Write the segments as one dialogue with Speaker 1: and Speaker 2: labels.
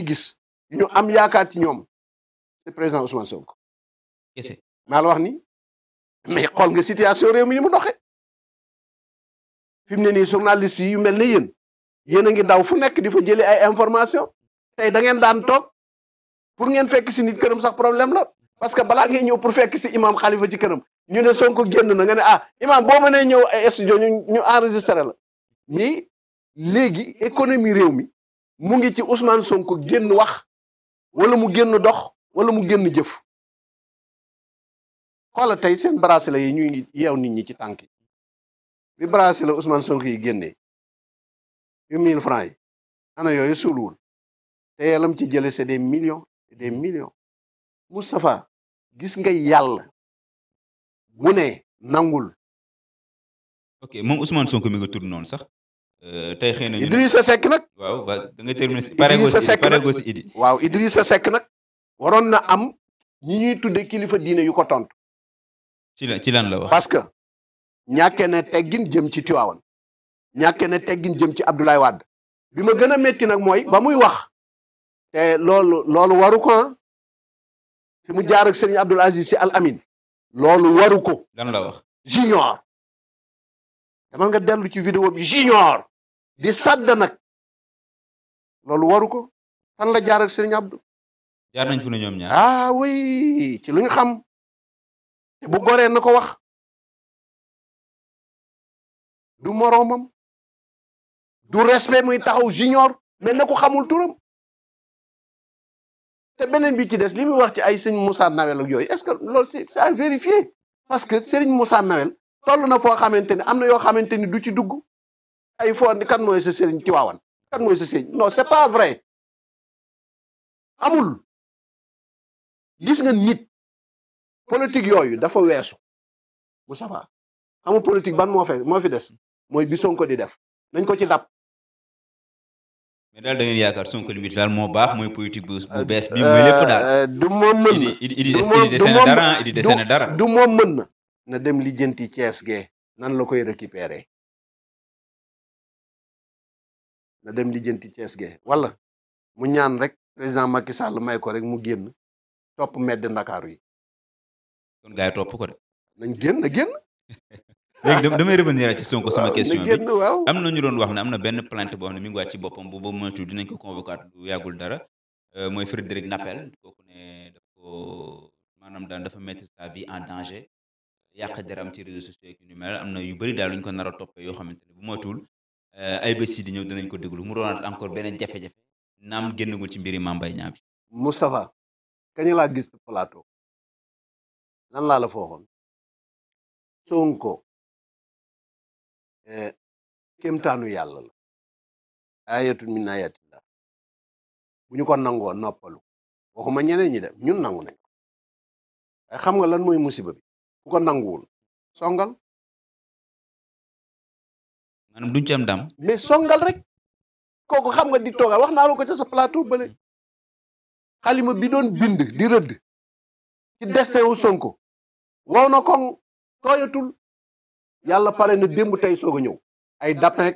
Speaker 1: gis ñu am yaakaar ci ñoom c'est président Ousmane Sonko. la wax ni mais xool nga situation réew mi ni mu doxee
Speaker 2: fi mu ne nii journaliste yi yu mel ne yéen yéen a ngi daw fu nekk di fa jëlee ay information tey da ngeen daan toog pour ngeen fekk si nit këram sax problème la parce que balaa ngay ñëw pour fekk si imam Khalifa ci këram ñu ne Sonko génn na nga ne ah imam boo mënee ñëw studio ñu ñu enregistré la mi léegi économie réew mi. mu ngi ci Ousmane Sonko génn wax wala mu génn dox wala mu génn jëf xoola tey seen bracelet yi ñuy yeew nit ñi ci tànk yi bi bracelet Ousmane Sonko yi génnee yu mille francs yi ana yooyu suuluwul te yàllam ci jële c'est des millions et des millions Moustapha gis nga yàlla wune ne nangul
Speaker 1: ok moom Ousmane Sonko mi nga
Speaker 3: tudd sax Euh, tey xëy na ñu. Idrissa Seck nag. waaw ba da nga terminé si. Idrissa Seck nag pareegoo
Speaker 2: si Idi waaw Idrissa Seck nag. waroon na am ñi ñuy tuddee kilifa diine yu ko tontu.
Speaker 1: ci lan ci lan la wax.
Speaker 2: parce que ñàkkee na teggin jëm ci Tiwaawan ñàkkee na teggin jëm ci Abdoulaye Wade bi ma gën a métti nag mooy ba muy wax. te loolu loolu waru ko fi mu jaar ak Serigne Abdoul Aziz Sy Al
Speaker 1: loolu waru ko. lan la wax. junior. dama nga dellu ci vidéo bi junior. di sàdd nag loolu waru ko fan la jaar ak Serigne Abdou. ñoom ñaar ah oui ci lu ñu xam te bu goree na ko wax du moroomam du respect muy taxaw junior mais na ko xamul turam
Speaker 2: te beneen bi ci des li muy wax ci ay sëñ Moussa Nawel ak yooyu est-ce que loolu c'est à vérifier parce que Serigne Moussa Nawel toll na foo xamante ni am na yoo xamante ni du ci dugg.
Speaker 1: ay foon ni kan mooy sa sëriñ Tiwaawan kan mooy sa sëriñ non c'est pas vrai amul gis nga nit politique yooyu dafa weesu bu safa xamu politique ban moo fee moo fi des mooy bi
Speaker 2: Sonko di def nañ ko ci dab
Speaker 1: mais daal da ngeen yaakaar Sonko limite daal moo baax
Speaker 3: mooy politique bu bu bees bi mooy euh, lépp daal euh, du moom mën na dara du moom mën
Speaker 2: na na dem lijjanti Thiès gee nan la koy récupérer
Speaker 1: na dem lijjanti Thiès ge wala mu ñaan rek président Macky Sall may ko rek mu génn topp medd ndakaaru yi.
Speaker 3: kon gars topp ko de.
Speaker 2: nañ génn na génn.
Speaker 3: léegi damay revenir ci Sonko sama question bi waaw am na ñu doon wax ne am na benn plainte boo xam ne mi ngi waat ci boppam bu ba moytu dinañ ko convoquer du dara euh, mooy Frédéric Nappel kooku ne daf ko maanaam daal dafa mettre sa vie en danger yàq deram ci réseaux sociaux yi ñu am na yu bëri daal lu ko nar a toppee yoo xamante ne bu moytuwul Eh, ay bés yi di ñëw dinañ ko déglu mu doonaat encore beneen jafe-jafe naam génnagul ci mbiri
Speaker 1: Mame Mbaye Niang bi Moustapha kañ laa gis plateau lan laa la fooxoon Sonko eh, kéemtaanu yàlla la ayatun min ayatillah bu ñu ko nangoo noppalu waxuma ñeneen ñi def ñun nangu nañ ko xam nga lan mooy musiba bi ku ko nanguwul songal maanaam duñ ci am dam mais songal rek kooku xam nga di toogal wax naa la ko ca sa plateau bële xalima bi doon bind di rëdd ci destin wu Sonko wow na ko tooyatul yàlla pale na démb tey soog a ñëw
Speaker 2: ay dapeek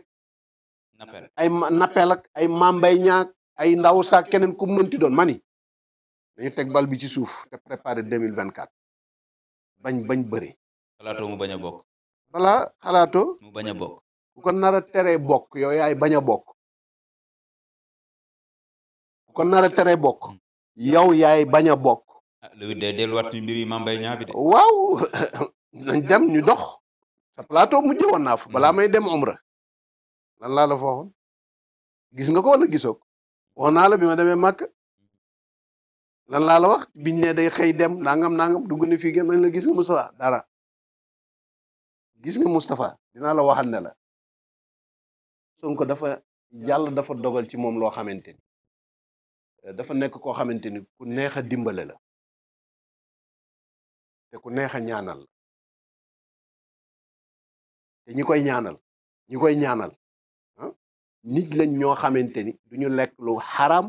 Speaker 2: ay nappel ak ay mambay ñaak ay ndaw saa keneen ku mënti doon mani dañu teg bal bi ci suuf te préparé deux mille vingt quatre
Speaker 1: bañ bañ bëri
Speaker 2: xalaatoo mu bañ a bokk
Speaker 1: mu bañ a bokk
Speaker 2: kon ko nar tere bokk yow yaay baña bokk kon ko nar tere bokk yow yaay bañ a bokk. Mm. ah loolu mbir yi Mame Mbaye Niang bi dem ñu dox sa plateau mujj woon naa fa balaa mm. may dem omra lan laa la fooxoon gis nga ko wala gisoo ko wax bi ma demee Màkka lan laa la wax biñ ne day xëy dem nangam nangam dugg na fii kenn mën la
Speaker 1: gis nga Moustapha dara gis nga Moustapha dinaa la waxal ne la Sonko dafa yàlla dafa dogal ci moom loo xamante ni eh, dafa nekk koo xamante ni ku neex a dimbale la te ku neex ñaanal la te ñi koy ñaanal ñi koy ñaanal ah, nit lañ ñoo xamante ni duñu lekk lu xaram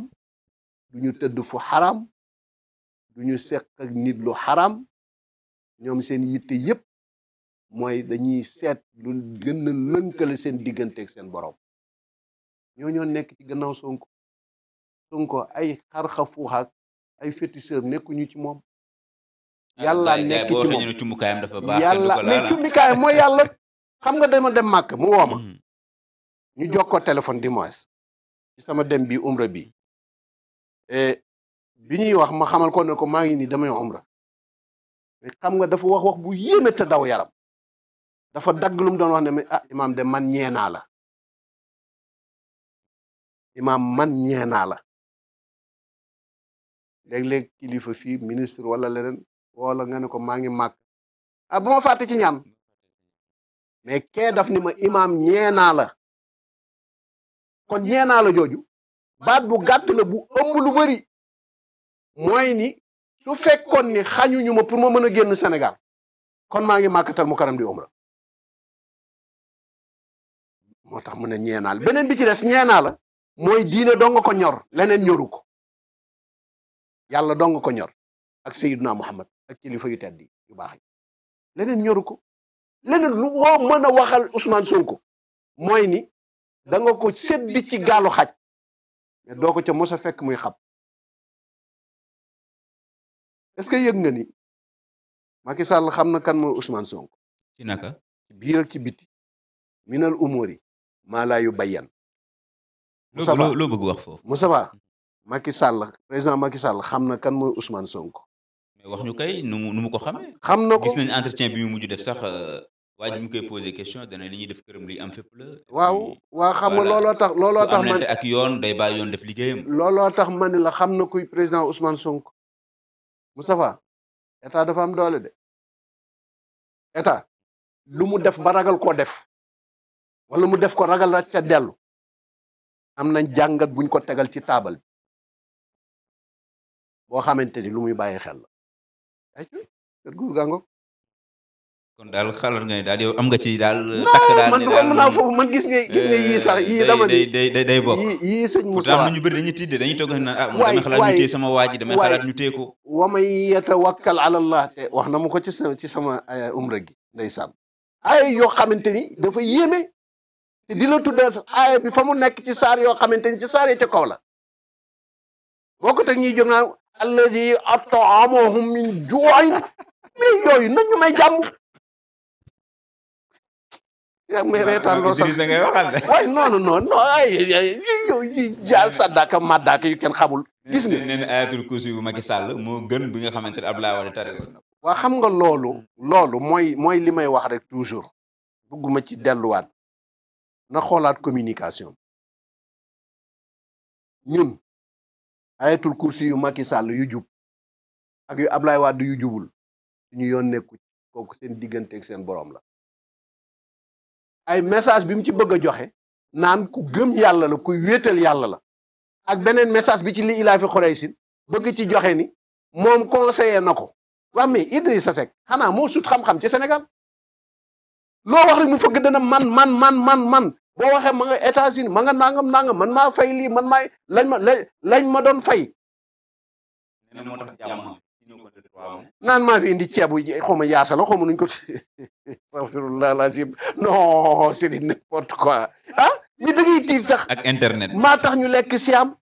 Speaker 2: duñu tëdd fu xaram du ñu seq ak nit lu xaram ñoom seen yitte yépp mooy dañuy seet lu gën lënkale seen diggante ak seen borom ñoo ñoo nekk ci gannaaw Sonko Sonko ay xarxafuux ak ay féticheur nekkuñu ci moom. Ah, yàlla nekk ci
Speaker 3: moom cumbukaayam dafa baax yàlla mais
Speaker 2: xam nga dama dem màkk mu woo ma mm-hmm. ñu jokkoo téléphone dimanche ci sama dem bi umra bi bi ñuy wax ma xamal ko ne ko maa ngi nii damay umra mais xam nga dafa wax wax bu yéeme daw yaram dafa dagg lu mu doon wax ne ah imaam de man ñeenaa
Speaker 1: la imaam man ñee naa la léeg-léeg kilifa fii ministre wala leneen wala nga ne ko maa ngi
Speaker 2: màgg ah bu ma fàtte ci ñaan mais kee daf ni ma imaam ñee naa la kon ñee naa la jooju baat bu gàtt la bu ëmb lu
Speaker 1: bari mooy ni su fekkoon ni xañuñu ma pour ma mën a génn Sénégal kon maa ngi màkkatal mu di umra
Speaker 2: moo tax mu ne ñeenaal
Speaker 1: beneen bi ci des ñeenaa la mooy diine dong ko ñor leneen ñoru ko
Speaker 2: yàlla dong ko ñor ak Seydina Muhammad ak kilifa yu tedd yu baax leneen ñoru ko leneen lu woo mën waxal Ousmane Sonko
Speaker 1: mooy ni da nga ko seddi ci gaalu xaj mais doo ko ca mos a fekk muy xab est-ce que yëg nga ni Macky Sall xam na kan mooy Ousmane Sonko. ci naka ci biir ak ci biti. minal umuri
Speaker 2: maa laa yu bayyan
Speaker 3: Moussa Ba loo bëgg wax
Speaker 2: foofu. Moussa Ba Macky président Macky Sall xam na kan mooy Ousmane Sonko. mais wax ñu kay nu mu nu mu ko xamee. xam na ko gis nañ
Speaker 3: entretien bi mu mujj def sax euh, waa ji mu koy posé question dana li ñuy def këram li am fépp la. waaw waaw xam nga looloo tax looloo tax man ak yoon day bàyyi yoon def liggéeyam.
Speaker 2: looloo tax ma ne la
Speaker 1: xam na kuy président Ousmane Sonko Moustapha état dafa am doole de état lu mu def ba ragal koo def wala mu def ko ragal rek ca dellu am na jàngat buñ ko tegal ci taabal bi
Speaker 2: boo xamante ni lu muy bàyyi xel la ay kër
Speaker 1: kon daal xalaat nga ne am nga ci daal takk daal
Speaker 2: man gis nga gis nga yii sax yii dama day day day sëñ Moussa pourtant ñu
Speaker 3: bëri dañuy tidd dañuy toog naan ah sama waa ji damay xalaat ñu téye ko
Speaker 2: wa man yatawakkal ala allah wax na ma ko ci sama ci sama eh, umra gi ay yoo xamante dafa yéeme te di la tuddal aaya bi fa mu nekk ci saar yoo xamante ni ci saar yi ca kaw la boo ko teg ñuy jóg naan allazi at'amahum min ju'in mais yooyu nañu may jàmm yaa may reetaan loo sax ngay waxal de yi yu kenn xamul
Speaker 3: gis nga nee na ayatul kursi bu Macky bi nga xamante ne Abdoulaye Wade
Speaker 2: waa xam nga loolu
Speaker 1: loolu mooy mooy li may wax rek toujours bugguma ci delluwaat na xoolaat communication ñun ayatul kursi yu Macky Sall yu jub ak yu Ablaye Wade yu jubul suñu yoon
Speaker 2: nekku kooku seen diggante ak seen borom la ay message bi mu ci bëgg a joxe naan ku gëm yàlla la ku wéetal yàlla la ak beneen message bi ci li ilaa fi xorey sin bëgg ci joxe ni moom conseiller na ko waa mais Idrissa Seck xanaa moo sut xam-xam ci Sénégal loo wax rek mu fëgg dana man man man man man boo waxee ma nga États-Unis ma nga nangam nangam man maa fay lii man maay lañ ma lañ ma doon fay. naan maa fi indi ceebu xaw ma yaasala xaw ma nuñ ko.
Speaker 1: astaghfirullah
Speaker 2: lazim non c'est n'importe quoi
Speaker 1: ah ñu dangay tiit sax. ak internet maa tax ñu lekk siam